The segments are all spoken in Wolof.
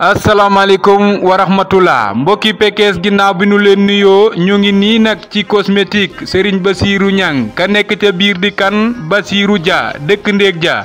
asalaamaaleykum wa rahmatullah mbokki Pekes ginnaaw bi nu leen nuyoo ñu ngi nii nag ci cosmétique Serigne Bassirou Niang ka nekk ca biir di kan Bassirou Dia dëkk Ndéeg Dia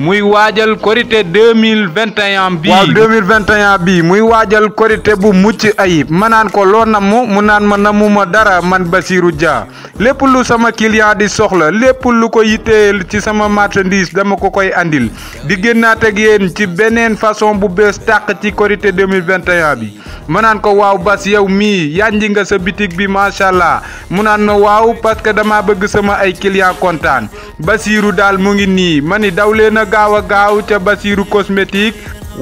muy wajal korité 2021 bi wa 2021 bi muy kori korité bu mucc ayib Manan kolona ko manan namu mu nan ma namuma dara man basiru Dia lepp lu sama client di soxla lepp lu ko yiteel ci sama marchandise dama ko koy andil di gennat ak yeen ci benen façon bu bes tak ci korité 2021 bi Manan ko waw Bas yow mi yandi nga sa boutique bi machallah mu nan ma waw parce que dama beug sama ay client contane basiru dal mu ngi ni mani dawle ak gaawa gaaw ca Basiru cosmétique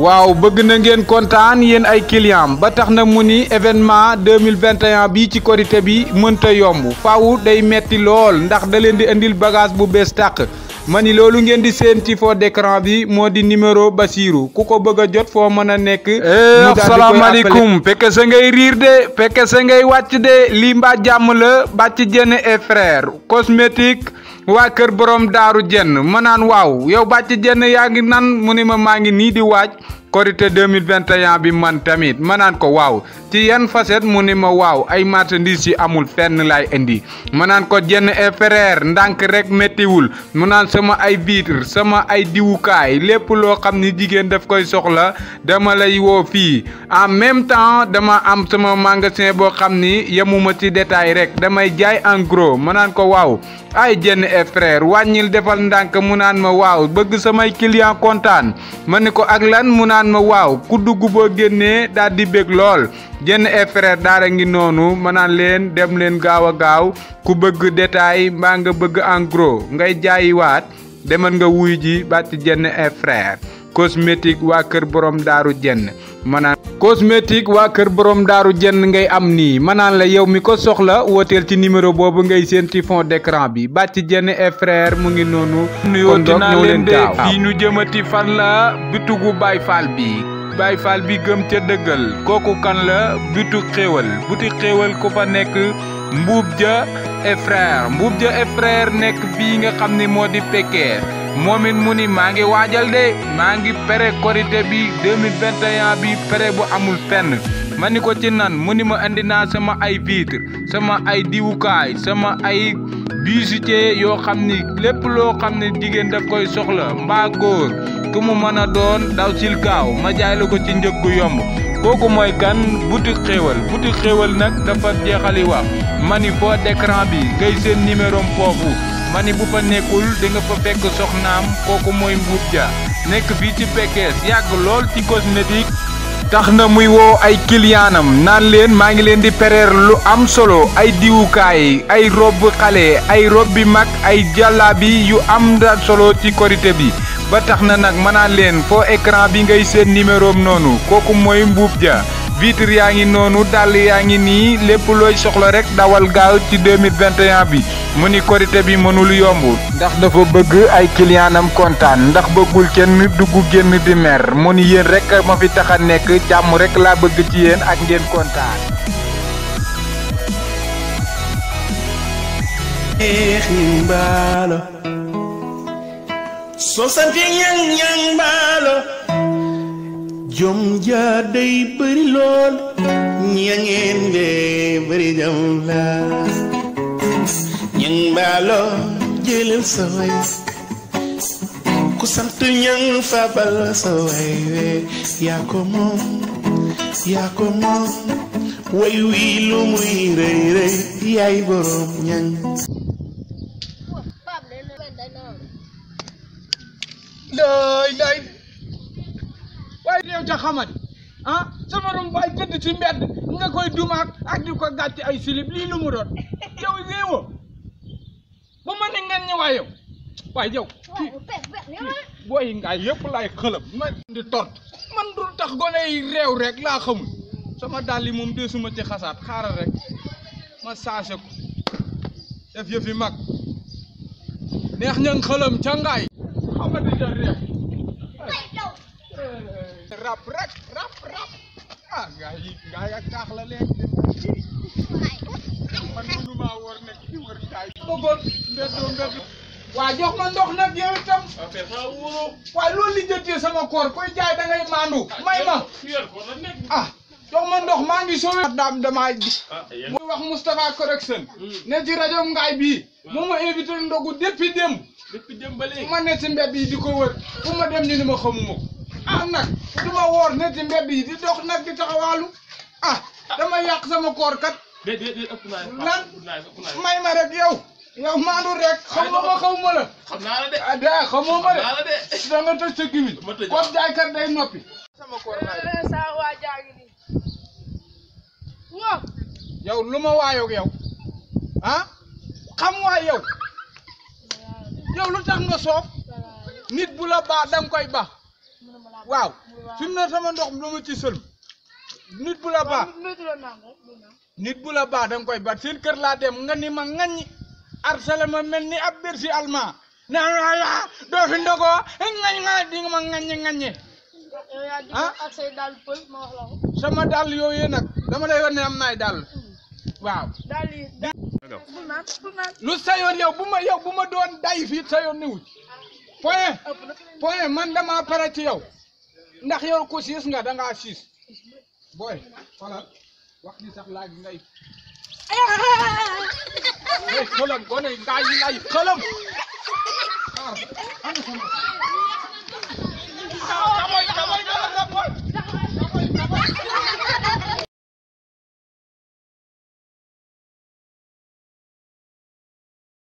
waaw bëgg na ngeen kontaan yéen ay client ba tax na mu ni événement 2021 bi ci korité bi mënta yomb faaw day metti lool ndax da leen di indil bagage bu bees tàq ma ni loolu ngeen di seen ci fond d'écran bi moo di numéro Basiru ku ko bëgg a jot foo mën a nekk. Eh, asalaamaaleykum fekk sa ngay riir de fekk sa ngay wàcc de lii mbaa jàmm la bàcc jenn e frère cosmétique. waa kër borom daaru jenn ma waaw yow bàcc jenn yaa ngi nan mu ni ma maa ngi nii di waaj korité 2021 bi man tamit ma naan ko waaw ci yan facette mu ni ma waaw ay marchandises yi amul fenn laay indi ma naan ko jenn e frère ndànk rek méttiwul mu naan sama ay vitre sama ay diwukaay lépp loo xam ni jigéen daf koy soxla dama lay woo fii en même temps dama am sama magasin boo xam ni yemuma ci détail rek damay jaay en gros naan ko waaw ay jenn e frère wàññil defal ndànk mu naan ma waaw bëgg samay client kontaan ma ni ko ak mu naan naan ma waaw ku dugg boo génnee daal di bég lool jenn e daara ngi noonu ma naan leen dem leen gaaw a gaaw ku bëgg détail mbaa nga bëgg en gros ngay jaayiwaat demal nga wuy ji bàtti jenn e frère waa kër borom daaru jenn ma cosmétique waa kër boroom daaru jenn ngay am nii manaan la yow mi ko soxla wooteel ci numéro boobu ngay séenti fond d'écran bi bàcc jenn et mu ngi noonu kon donc ñëw leen gaaw fii ñu jëmati fan la bitugu Baay Faal bi Baay Faal bi gëm ca dëggal kooku kan la bitu xéewal buti xéewal ku fa nekk mbuub ja et mbuub ja et nekk fii nga xam ni moo di Pékère moom it mu ni maa ngi waajal de maa ngi pere korité bi 2021 bi pere bu amul fenn ma ni ko ci nan mu ni ma indi naa sama ay vitre sama ay diwukaay sama ay bijouterie yoo xam ni lépp loo xam ne jigéen daf koy soxla mbaa góor ku mu mën a doon daw sil kaaw ma jaay ko ci njëg gu yomb kooku mooy kan boutique xéewal boutique xéewal nag dafa jeexali wax ma ni foo d'écran bi ngay seen numéro foofu ma ni bu fa nekkul di nga fa fekk soxnaam kooku mooy mbuub ja nekk fii ci Pekes yàgg lool ci bi tax na muy woo ay kiliyaanam naan leen maa ngi leen di pereer lu am solo ay diwukaay ay robb xale ay rob bi mag ay jàllaabi yu am da solo ci korité bi ba tax na nag mënaan leen foo écran bi ngay seen numéro am noonu kooku mooy mbuub ja vitre yaa ngi noonu dàll yaa ngi nii lépp looy soxla rek dawal gaaw ci 2021 bi mu ni korité bi mënul yombu ndax dafa bëgg ay kiliyaanam kontaan ndax bëggul kenn dugg génn di mer mu ni yéen rek ma fi tax a nekk jàmm rek laa bëgg ci yéen ak ngeen kontaan. Jom jadi berilon Nyangin de berijamla Nyang balo jilin soy Kusantu nyang fabal soy Ya komo Ya komo Way wilu muire Ya iborom nyang Lai lai ay réew ca xamadi ah sama doom baay tëdd ci mbedd nga koy dumaak ak di ko gàtti ay silib lii lu mu doon yow réewoo bu ma ngeen ñëwaay yow waaye yow booy ngaay yëpp laay xëlëb ma di tort man dul tax gone yi laa xamul sama dàll yi moom deesuma ci xasaat xaaral rek ma saase ko def yëfi mag neex ña xëlëm ca ngaay rap rek rap rap ah waa jox ma ndox nag yow itam waaye loolu li sama koor koy jaay da maandu ah, may ma ah jox ma ndox maa ngi sowe ah, daam damaa ji ah, muy wax Moustapha Correction hmm. ne ci rajo Ngaay bii moo ma invité ndogu depuis démb depuis démb ma ne ci yi di wër fu ma dem ñu ni ma xamuma ah nag du woor ne ci mbedd yi di dox nag di taxawaalu ah dama yàq sama koor kat. déedéet may ma rek yow. yow maandu rek xaw ma ma xam naa la ah, de. xam naa la de. da tëj sa kiwil. ma tëj kon day noppi. sama lu ma waayoog yow ah xam waay yow yow lu tax nga soof nit bu la baax koy baax. waaw fi mu ne sama ndox dama ci sël nit bu la baax nit bu la baax danga koy bat seen kër laa dem nga ni ma ŋaññi arsala ma mel ni ab bersi almaa naan wala doo fi ndogoo ŋañ nga di nga ma ŋaññi ŋaññi ah sama dàll yooyu nag dama lay war ne am naay mm. waaw lu sayoon yow bu ma yow bu ma doon day fii sayoon niwut point point man dama pare ci yow ndax yow ku siis nga boy. siis booy xoolal wax ni sax laaj ngay xëlëm gone yi lay